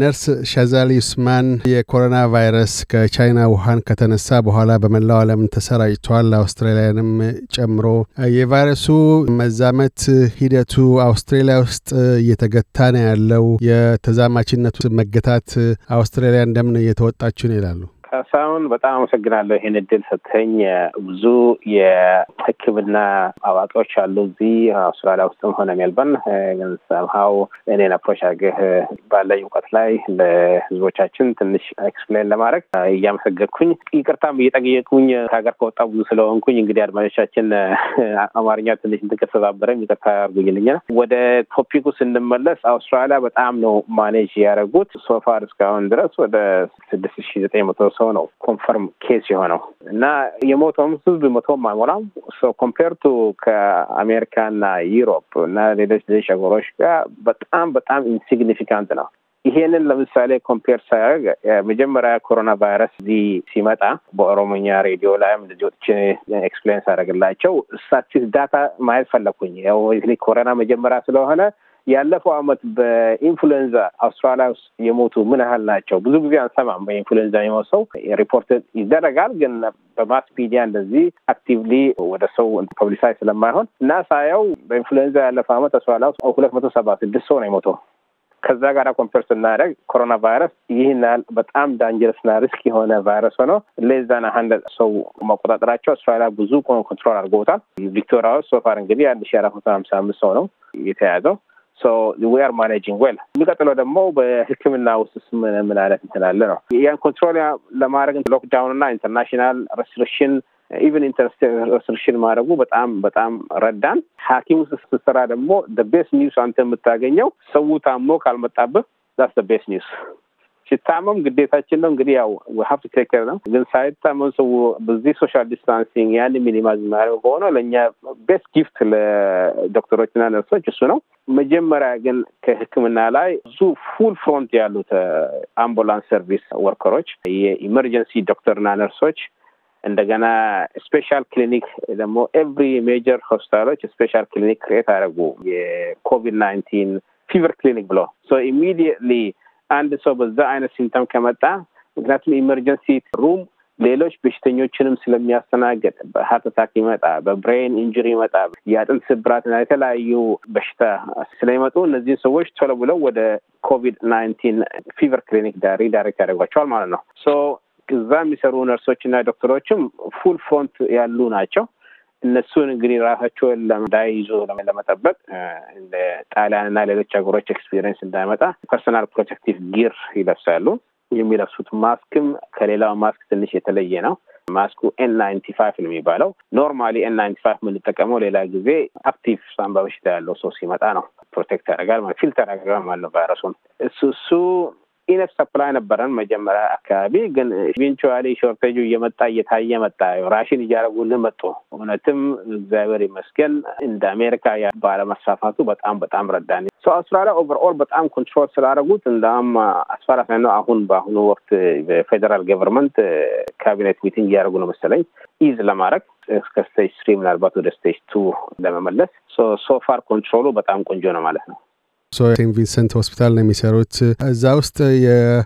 ነርስ ሻዛሊ ዩስማን የኮሮና ቫይረስ ከቻይና ውሃን ከተነሳ በኋላ በመላው ዓለም ተሰራጭቷል፣ አውስትራሊያንም ጨምሮ። የቫይረሱ መዛመት ሂደቱ አውስትራሊያ ውስጥ እየተገታ ነው ያለው። የተዛማችነቱ መገታት አውስትራሊያ እንደምን እየተወጣችሁ ነው ይላሉ? ካሳሁን በጣም አመሰግናለሁ ይህን እድል ሰጥተኝ። ብዙ የህክምና አዋቂዎች አሉ እዚህ አውስትራሊያ ውስጥም ሆነ ሜልበርን። ግን ሰምሀው እኔን አፕሮች አድርገህ ባለኝ እውቀት ላይ ለህዝቦቻችን ትንሽ ኤክስፕሌን ለማድረግ እያመሰገንኩኝ ይቅርታም እየጠየቁኝ ከሀገር ከወጣ ብዙ ስለሆንኩኝ እንግዲህ አድማጮቻችን አማርኛ ትንሽ እንትን ከተባበረም ይቅርታ አድርጉልኝና ወደ ቶፒኩ ስንመለስ አውስትራሊያ በጣም ነው ማኔጅ ያደረጉት ሶፋር እስካሁን ድረስ ወደ ስድስት ሺ ዘጠኝ መቶ ሰው ነው ኮንፈርም ኬስ የሆነው እና የሞተውም ህዝብ መቶም አይሞላም። ኮምፔርቱ ከአሜሪካ እና ዩሮፕ እና ሌሎች ሌሎች ሀገሮች ጋር በጣም በጣም ኢንሲግኒፊካንት ነው። ይሄንን ለምሳሌ ኮምፔር ሳያደርግ መጀመሪያ ኮሮና ቫይረስ እዚህ ሲመጣ በኦሮሞኛ ሬዲዮ ላይም ልጆችን ኤክስፕሌንስ አደረግላቸው። ስታቲስ ዳታ ማየት ፈለኩኝ ያው ኮሮና መጀመሪያ ስለሆነ ያለፈው አመት በኢንፍሉዌንዛ አውስትራሊያ ውስጥ የሞቱ ምን ያህል ናቸው? ብዙ ጊዜ አንሰማም። በኢንፍሉዌንዛ የሞት ሰው ሪፖርት ይደረጋል፣ ግን በማስ ሚዲያ እንደዚህ አክቲቭሊ ወደ ሰው ፐብሊሳይ ስለማይሆን እና ሳየው በኢንፍሉዌንዛ ያለፈው ዓመት አውስትራሊያ ውስጥ ሁለት መቶ ሰባ ስድስት ሰው ነው የሞተው። ከዛ ጋር ኮምፔር ስናደርግ ኮሮና ቫይረስ ይህን በጣም በጣም ዳንጀረስና ሪስክ የሆነ ቫይረስ ሆኖ ሌዛን አንድ ሰው መቆጣጠራቸው አውስትራሊያ ብዙ ኮንትሮል አድርጎታል። ቪክቶሪያ ውስጥ ሶፋር እንግዲህ አንድ ሺ አራት መቶ ሀምሳ አምስት ሰው ነው የተያዘው። ዌር ማኔጂንግ ዌል። የሚቀጥለው ደግሞ በህክምና ውስጥ ምን ምን አይነት እንትናለ ነው። ይህን ኮንትሮል ለማድረግ ሎክዳውን እና ኢንተርናሽናል ሬስትሪክሽን ኢቨን ኢንተርስትሪክሽን ማድረጉ በጣም በጣም ረዳን። ሐኪም ውስጥ ስትሰራ ደግሞ ቤስት ኒውስ አንተ የምታገኘው ሰው ታሞ ካልመጣብህ ዛስ ቤስት ኒውስ ሲታመም ግዴታችን ነው እንግዲህ ያው ሀብት ቴክር ነው። ግን ሳይታመም ሰው በዚህ ሶሻል ዲስታንሲንግ ያን ሚኒማይዝ ማድረግ ከሆነ ለእኛ ቤስት ጊፍት ለዶክተሮችና ነርሶች እሱ ነው። መጀመሪያ ግን ከህክምና ላይ ብዙ ፉል ፍሮንት ያሉት አምቡላንስ ሰርቪስ ወርከሮች፣ የኢመርጀንሲ ዶክተርና ነርሶች እንደገና ስፔሻል ክሊኒክ ደግሞ ኤቭሪ ሜጀር ሆስፒታሎች ስፔሻል ክሊኒክ ክሬት አደረጉ የኮቪድ ናይንቲን ፊቨር ክሊኒክ ብሎ ኢሚዲየትሊ አንድ ሰው በዛ አይነት ሲምተም ከመጣ ምክንያቱም ኢመርጀንሲ ሩም ሌሎች በሽተኞችንም ስለሚያስተናግድ በሀርት አታክ ይመጣ፣ በብሬን ኢንጁሪ ይመጣ፣ የአጥንት ስብራትና የተለያዩ በሽታ ስለሚመጡ እነዚህን ሰዎች ቶሎ ብለው ወደ ኮቪድ ናይንቲን ፊቨር ክሊኒክ ሪዳይሬክት ያደርጓቸዋል ማለት ነው። ሶ እዛ የሚሰሩ ነርሶች እና ዶክተሮችም ፉል ፍሮንት ያሉ ናቸው። እነሱን እንግዲህ ራሳቸውን እንዳይዙ ለመጠበቅ እንደ ጣሊያን እና ሌሎች ሀገሮች ኤክስፒሪየንስ እንዳይመጣ ፐርሰናል ፕሮቴክቲቭ ጊር ይለብሳሉ። የሚለብሱት ማስክም ከሌላው ማስክ ትንሽ የተለየ ነው። ማስኩ ኤን ናይንቲ ፋይቭ ነው የሚባለው። ኖርማሊ ኤን ናይንቲ ፋይቭ የምንጠቀመው ሌላ ጊዜ አክቲቭ ሳምባ በሽታ ያለው ሰው ሲመጣ ነው። ፕሮቴክት ያደርጋል፣ ፊልተር ያደርጋል ማለት ነው ቫይረሱን እሱ እሱ ኢነፍ ሰፕላይ ነበረን መጀመሪያ አካባቢ፣ ግን ኢቬንቹዋሊ ሾርቴጁ እየመጣ እየታየ መጣ። ራሽን እያደረጉልን መጡ። እውነትም እግዚአብሔር ይመስገን እንደ አሜሪካ ባለመስፋፋቱ በጣም በጣም ረዳን። ሰው አውስትራሊያ ኦቨርኦል በጣም ኮንትሮል ስላደረጉት እንደም አስፈራፊ ነው። አሁን በአሁኑ ወቅት በፌዴራል ገቨርንመንት ካቢኔት ሚቲንግ እያደረጉ ነው መሰለኝ ኢዝ ለማድረግ እስከ ስቴጅ ስሪ ምናልባት ወደ ስቴጅ ቱ ለመመለስ ሶፋር ኮንትሮሉ በጣም ቆንጆ ነው ማለት ነው። እርሶ ሴንት ቪንሰንት ሆስፒታል ነው የሚሰሩት። እዛ ውስጥ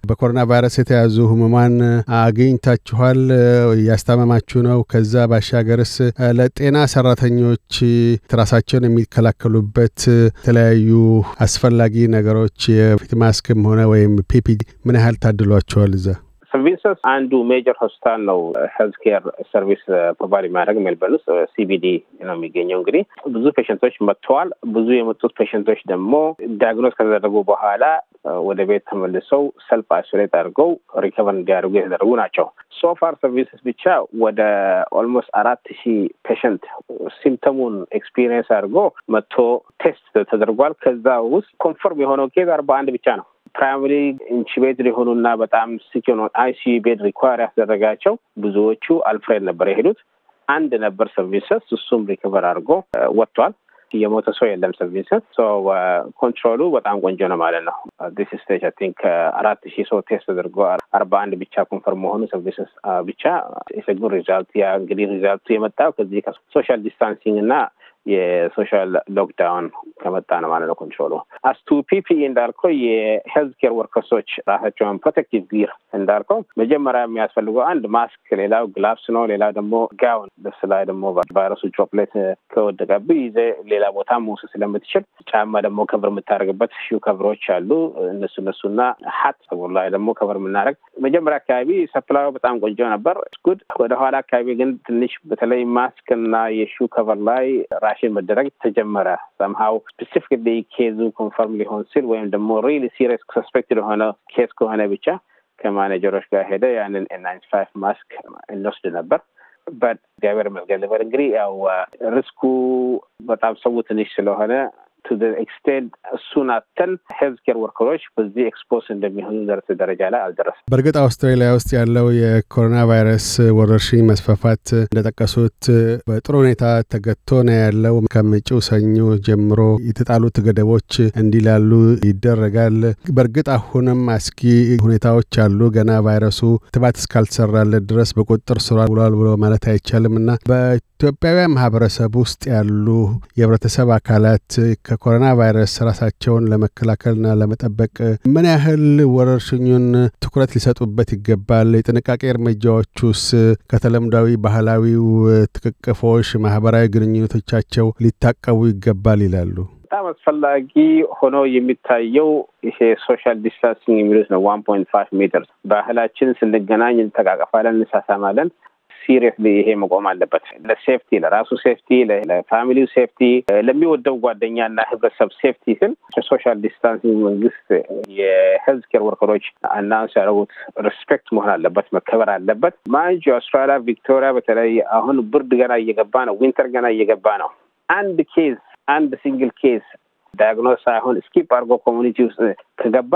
በኮሮና ቫይረስ የተያዙ ህሙማን አግኝታችኋል? እያስታመማችሁ ነው? ከዛ ባሻገርስ ለጤና ሰራተኞች ራሳቸውን የሚከላከሉበት የተለያዩ አስፈላጊ ነገሮች የፊት ማስክም ሆነ ወይም ፒፒ ምን ያህል ታድሏቸዋል? እዛ ሰርቪስስ አንዱ ሜጀር ሆስፒታል ነው ሄልት ኬር ሰርቪስ ፕሮቫይድ የሚያደርግ ሜልበርን ውስጥ ሲቢዲ ነው የሚገኘው። እንግዲህ ብዙ ፔሽንቶች መጥተዋል። ብዙ የመጡት ፔሽንቶች ደግሞ ዲያግኖስ ከተደረጉ በኋላ uh, ወደ ቤት ተመልሰው ሰልፍ አይሶሌት አድርገው ሪከቨር እንዲያደርጉ የተደረጉ ናቸው። ሶፋር ሰርቪስስ ብቻ ወደ ኦልሞስት አራት ሺህ ፔሽንት ሲምፕተሙን ኤክስፒሪየንስ አድርጎ መጥቶ ቴስት ተደርጓል። ከዛ ውስጥ ኮንፈርም የሆነው ኬዝ አርባ አንድ ብቻ ነው። ፕራይማሪ ፕራይመሪ ኢንቹቤትድ የሆኑና በጣም ሲክ የሆኑ አይሲዩ ቤድ ሪኳር ያስደረጋቸው ብዙዎቹ አልፍሬድ ነበር የሄዱት። አንድ ነበር ሰርቪሰስ፣ እሱም ሪከቨር አድርጎ ወጥቷል። የሞተ ሰው የለም። ሰርቪሰስ ኮንትሮሉ በጣም ቆንጆ ነው ማለት ነው። ዲስ ስቴጅ አይ ቲንክ አራት ሺህ ሰው ቴስት ተደርጎ አርባ አንድ ብቻ ኮንፈርም መሆኑ ሰርቪሰስ ብቻ ኢሰጉ ሪዛልት ያ እንግዲህ ሪዛልቱ የመጣው ከዚህ ከሶሻል ዲስታንሲንግ እና የሶሻል ሎክዳውን ከመጣ ነው ማለት ነው ኮንትሮሉ። አስቱ ፒፒ እንዳልከው የሄልዝ ኬር ወርከሶች ራሳቸውን ፕሮቴክቲቭ ጊር እንዳልከው መጀመሪያ የሚያስፈልገው አንድ ማስክ፣ ሌላው ግላፍስ ነው። ሌላው ደግሞ ጋውን ልብስ ላይ ደግሞ ቫይረሱ ቾፕሌት ከወደቀብ ይዘ ሌላ ቦታ መውሰድ ስለምትችል፣ ጫማ ደግሞ ከቨር የምታደርግበት ሹ ከቨሮች አሉ እነሱ እነሱና ሀት ጸጉር ላይ ደግሞ ከቨር የምናደርግ መጀመሪያ አካባቢ ሰፕላዩ በጣም ቆንጆ ነበር ጉድ። ወደኋላ አካባቢ ግን ትንሽ በተለይ ማስክ እና የሹ ከቨር ላይ ኦፕሬሽን መደረግ ተጀመረ። ሰምሃው ስፔሲፊክሊ ኬዙ ኮንፈርም ሊሆን ሲል ወይም ደግሞ ሪሊ ሲሪየስ ሰስፔክት የሆነ ኬስ ከሆነ ብቻ ከማኔጀሮች ጋር ሄደ ያንን ናይንቲ ፋይቭ ማስክ እንወስድ ነበር። በት እግዚአብሔር ይመስገን ልበል እንግዲህ ያው uh, ሪስኩ በጣም ሰው ትንሽ ስለሆነ ቱ ኤክስቴንት እሱን አተን ሄልዝ ኬር ወርከሮች በዚህ ኤክስፖስ እንደሚሆኑ ደረሰ ደረጃ ላይ አልደረሰም። በእርግጥ አውስትራሊያ ውስጥ ያለው የኮሮና ቫይረስ ወረርሽኝ መስፋፋት እንደጠቀሱት በጥሩ ሁኔታ ተገቶ ነው ያለው። ከመጪው ሰኞ ጀምሮ የተጣሉት ገደቦች እንዲላሉ ይደረጋል። በእርግጥ አሁንም አስጊ ሁኔታዎች አሉ። ገና ቫይረሱ ትባት እስካልተሰራለት ድረስ በቁጥጥር ስር ውሏል ብሎ ማለት አይቻልም እና በኢትዮጵያውያን ማህበረሰብ ውስጥ ያሉ የህብረተሰብ አካላት ከኮሮና ቫይረስ ራሳቸውን ለመከላከልና ለመጠበቅ ምን ያህል ወረርሽኙን ትኩረት ሊሰጡበት ይገባል? የጥንቃቄ እርምጃዎቹስ ከተለምዳዊ ባህላዊው ትክክፎች፣ ማህበራዊ ግንኙነቶቻቸው ሊታቀቡ ይገባል ይላሉ። በጣም አስፈላጊ ሆኖ የሚታየው ይሄ ሶሻል ዲስታንሲንግ የሚሉት ነው። ዋን ፖይንት ፋይቭ ሜትር ባህላችን ስንገናኝ እንተቃቀፋለን፣ እንሳሳማለን። ሲሪየስሊ ይሄ መቆም አለበት። ለሴፍቲ ለራሱ ሴፍቲ፣ ለፋሚሊው ሴፍቲ፣ ለሚወደው ጓደኛ ጓደኛና ህብረተሰብ ሴፍቲ ስል ሶሻል ዲስታንሲንግ መንግስት የሄልዝ ኬር ወርከሮች አናንስ ያደረጉት ሪስፔክት መሆን አለበት፣ መከበር አለበት። ማንጅ አውስትራሊያ ቪክቶሪያ፣ በተለይ አሁን ብርድ ገና እየገባ ነው፣ ዊንተር ገና እየገባ ነው። አንድ ኬዝ አንድ ሲንግል ኬዝ ዳያግኖስ ሳይሆን ስኪፕ አድርጎ ኮሚኒቲ ውስጥ ከገባ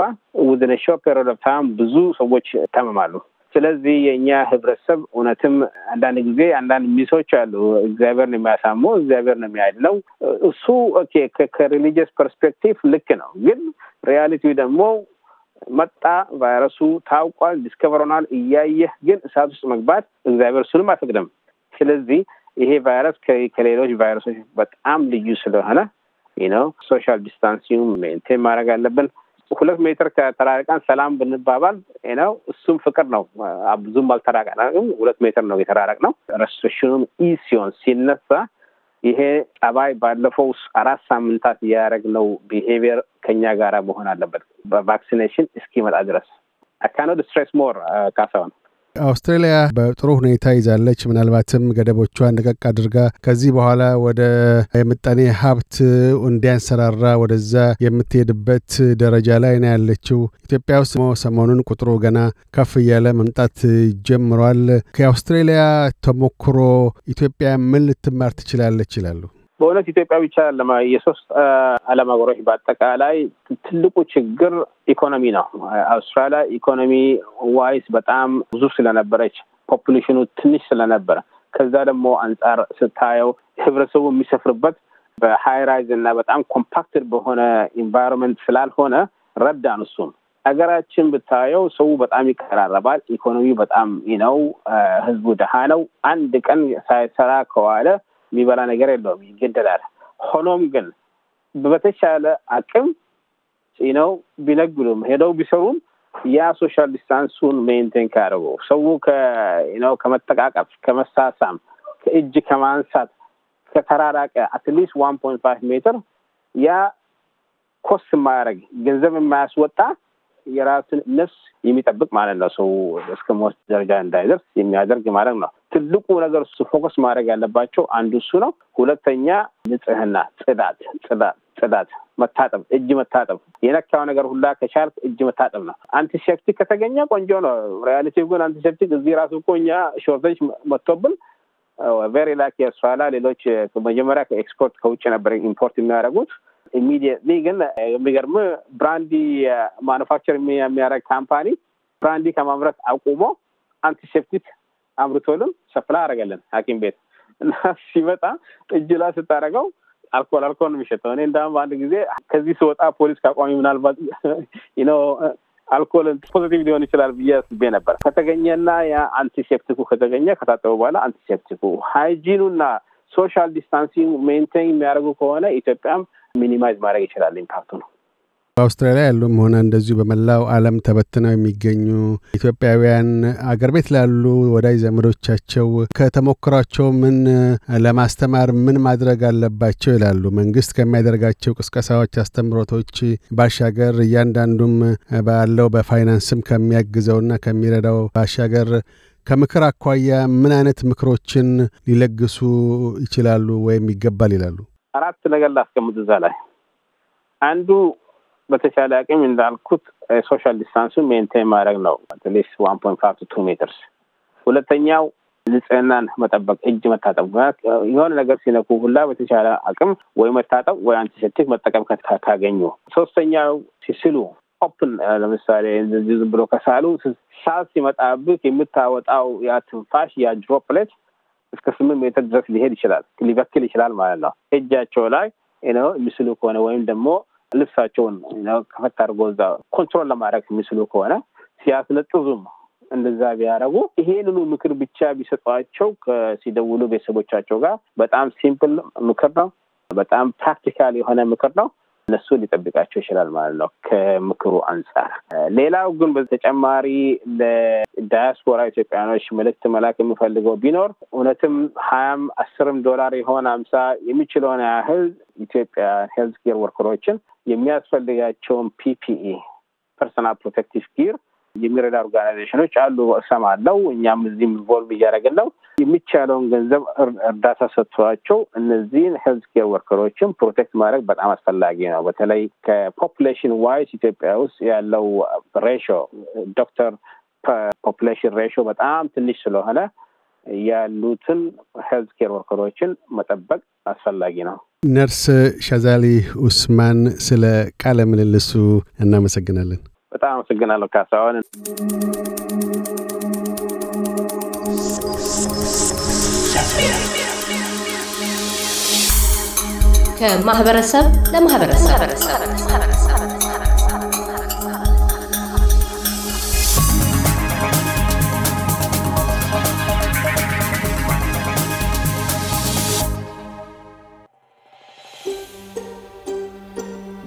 ውድን ሾ ፔሪድ ኦፍ ታይም ብዙ ሰዎች ይታመማሉ። ስለዚህ የእኛ ህብረተሰብ እውነትም አንዳንድ ጊዜ አንዳንድ ሚሶች አሉ። እግዚአብሔር ነው የሚያሳሙ፣ እግዚአብሔር ነው የሚያድነው። እሱ ኦኬ ከሪሊጂየስ ፐርስፔክቲቭ ልክ ነው። ግን ሪያሊቲው ደግሞ መጣ፣ ቫይረሱ ታውቋል፣ ዲስከቨር ሆኗል። እያየህ ግን እሳት ውስጥ መግባት እግዚአብሔር እሱንም አይፈቅድም። ስለዚህ ይሄ ቫይረስ ከሌሎች ቫይረሶች በጣም ልዩ ስለሆነ ነው ሶሻል ዲስታንሲንግ ሜንቴን ማድረግ አለብን። ሁለት ሜትር ከተራርቃን ሰላም ብንባባል ነው። እሱም ፍቅር ነው። ብዙም አልተራራቅንም። ሁለት ሜትር ነው የተራራቅነው። ረስትሪክሽኑም ኢ ሲሆን ሲነሳ ይሄ ጠባይ ባለፈው አራት ሳምንታት ያደረግነው ቢሄቪየር ከኛ ጋራ መሆን አለበት፣ በቫክሲኔሽን እስኪመጣ ድረስ አካኖ ስትሬስ ሞር ካሳሁን አውስትራሊያ በጥሩ ሁኔታ ይዛለች። ምናልባትም ገደቦቿን ነቀቅ አድርጋ ከዚህ በኋላ ወደ የምጣኔ ሀብት እንዲያንሰራራ ወደዛ የምትሄድበት ደረጃ ላይ ነው ያለችው። ኢትዮጵያ ውስጥ ሰሞኑን ቁጥሩ ገና ከፍ እያለ መምጣት ጀምሯል። ከአውስትሬሊያ ተሞክሮ ኢትዮጵያ ምን ልትማር ትችላለች ይላሉ? በእውነት ኢትዮጵያ ብቻ ለማ የሶስት ዓለም ሀገሮች በአጠቃላይ ትልቁ ችግር ኢኮኖሚ ነው። አውስትራሊያ ኢኮኖሚ ዋይስ በጣም ብዙ ስለነበረች ፖፑሌሽኑ ትንሽ ስለነበረ ከዛ ደግሞ አንጻር ስታየው ህብረተሰቡ የሚሰፍርበት በሃይ ራይዝ እና በጣም ኮምፓክትድ በሆነ ኢንቫይሮንመንት ስላልሆነ ረዳን። እሱም ሀገራችን ብታየው ሰው በጣም ይቀራረባል። ኢኮኖሚ በጣም ነው፣ ህዝቡ ድሃ ነው። አንድ ቀን ሳይሰራ ከዋለ የሚበላ ነገር የለውም፣ ይገደላል። ሆኖም ግን በተቻለ አቅም ነው ቢነግዱም ሄደው ቢሰሩም ያ ሶሻል ዲስታንሱን ሜንቴን ካደረገው ሰው ነው ከመጠቃቀፍ ከመሳሳም ከእጅ ከማንሳት ከተራራቀ አትሊስት ዋን ፖይንት ፋይቭ ሜትር ያ ኮስ የማያደርግ ገንዘብ የማያስወጣ የራስን ነፍስ የሚጠብቅ ማለት ነው። ሰው እስከ ሞት ደረጃ እንዳይደርስ የሚያደርግ ማለት ነው። ትልቁ ነገር እሱ ፎከስ ማድረግ ያለባቸው አንዱ እሱ ነው። ሁለተኛ ንጽህና፣ ጽዳት፣ ጽዳት፣ ጽዳት፣ መታጠብ፣ እጅ መታጠብ፣ የነካው ነገር ሁላ ከቻልክ እጅ መታጠብ ነው። አንቲሴፕቲክ ከተገኘ ቆንጆ ነው። ሪያሊቲ ግን አንቲሴፕቲክ እዚህ ራሱ እኮ እኛ ሾርተጅ መጥቶብን ቬሪ ላክ የሷላ ሌሎች መጀመሪያ ኤክስፖርት ከውጭ ነበር ኢምፖርት የሚያደርጉት ኢሚዲየትሊ ግን የሚገርም ብራንዲ ማኑፋክቸር የሚያደርግ ካምፓኒ ብራንዲ ከማምረት አቁሞ አንቲሴፕቲክ አምርቶልን ሰፕላ አደረገልን ሀኪም ቤት እና ሲመጣ ጥጅላ ስታደረገው አልኮል አልኮል ነው የሚሸጠው። እኔ እንዳውም በአንድ ጊዜ ከዚህ ስወጣ ፖሊስ ከአቋሚ ምናልባት ነው አልኮል ፖዘቲቭ ሊሆን ይችላል ብዬ አስቤ ነበር። ከተገኘና ያ ከተገኘ ከታጠበ በኋላ አንቲሴፕቲኩ ሃይጂኑና ሶሻል ዲስታንሲንግ ሜንቴን የሚያደርጉ ከሆነ ኢትዮጵያም ሚኒማይዝ ማድረግ ይችላል ኢምፓክቱ ነው። በአውስትራሊያ ያሉም ሆነ እንደዚሁ በመላው ዓለም ተበትነው የሚገኙ ኢትዮጵያውያን አገር ቤት ላሉ ወዳጅ ዘመዶቻቸው ከተሞክሯቸው ምን ለማስተማር ምን ማድረግ አለባቸው ይላሉ? መንግስት ከሚያደርጋቸው ቅስቀሳዎች፣ አስተምሮቶች ባሻገር እያንዳንዱም ባለው በፋይናንስም ከሚያግዘውና ከሚረዳው ባሻገር ከምክር አኳያ ምን አይነት ምክሮችን ሊለግሱ ይችላሉ ወይም ይገባል ይላሉ? አራት ነገር ላስቀምጥ እዛ ላይ አንዱ በተቻለ አቅም እንዳልኩት ሶሻል ዲስታንሱን ሜንቴን ማድረግ ነው። አትሊስት ዋን ፖይንት ፋይቭ ቱ ሜትርስ። ሁለተኛው ንጽህናን መጠበቅ፣ እጅ መታጠብ። የሆነ ነገር ሲነኩ ሁላ በተቻለ አቅም ወይ መታጠብ ወይ አንቲሴፕቲክ መጠቀም ካገኙ። ሶስተኛው ሲስሉ ኦፕን፣ ለምሳሌ ዝም ብሎ ከሳሉ ሳት ሲመጣብህ የምታወጣው ያ ትንፋሽ ያ ድሮፕሌት እስከ ስምንት ሜትር ድረስ ሊሄድ ይችላል፣ ሊበክል ይችላል ማለት ነው። እጃቸው ላይ ነው የሚስሉ ከሆነ ወይም ደግሞ ልብሳቸውን ከፈት አድርጎ እዛ ኮንትሮል ለማድረግ የሚስሉ ከሆነ ሲያስለጥዙም እንደዛ ቢያደረጉ ይሄንኑ ምክር ብቻ ቢሰጧቸው ሲደውሉ ቤተሰቦቻቸው ጋር በጣም ሲምፕል ምክር ነው። በጣም ፕራክቲካል የሆነ ምክር ነው። እነሱ ሊጠብቃቸው ይችላል ማለት ነው ከምክሩ አንጻር። ሌላው ግን በተጨማሪ ለዳያስፖራ ኢትዮጵያኖች መልእክት መላክ የሚፈልገው ቢኖር እውነትም ሀያም አስርም ዶላር የሆነ አምሳ የሚችለውን ያህል ኢትዮጵያ ሄልዝ ኬር ወርከሮችን የሚያስፈልጋቸውን ፒፒኢ ፐርሰናል ፕሮቴክቲቭ ጊር የሚረዳ ኦርጋናይዜሽኖች አሉ እሰማለሁ። እኛም እዚህ ኢንቮልቭ እያደረግን ነው። የሚቻለውን ገንዘብ እርዳታ ሰጥቷቸው እነዚህን ሄልዝ ኬር ወርከሮችን ፕሮቴክት ማድረግ በጣም አስፈላጊ ነው። በተለይ ከፖፕሌሽን ዋይስ ኢትዮጵያ ውስጥ ያለው ሬሽዮ ዶክተር ፖፕሌሽን ሬሽዮ በጣም ትንሽ ስለሆነ ያሉትን ሄልዝ ኬር ወርከሮችን መጠበቅ አስፈላጊ ነው። ነርስ ሻዛሊ ኡስማን ስለ ቃለ ምልልሱ እናመሰግናለን። በጣም አመሰግናለሁ ካሳሁን። ከማህበረሰብ ለማህበረሰብ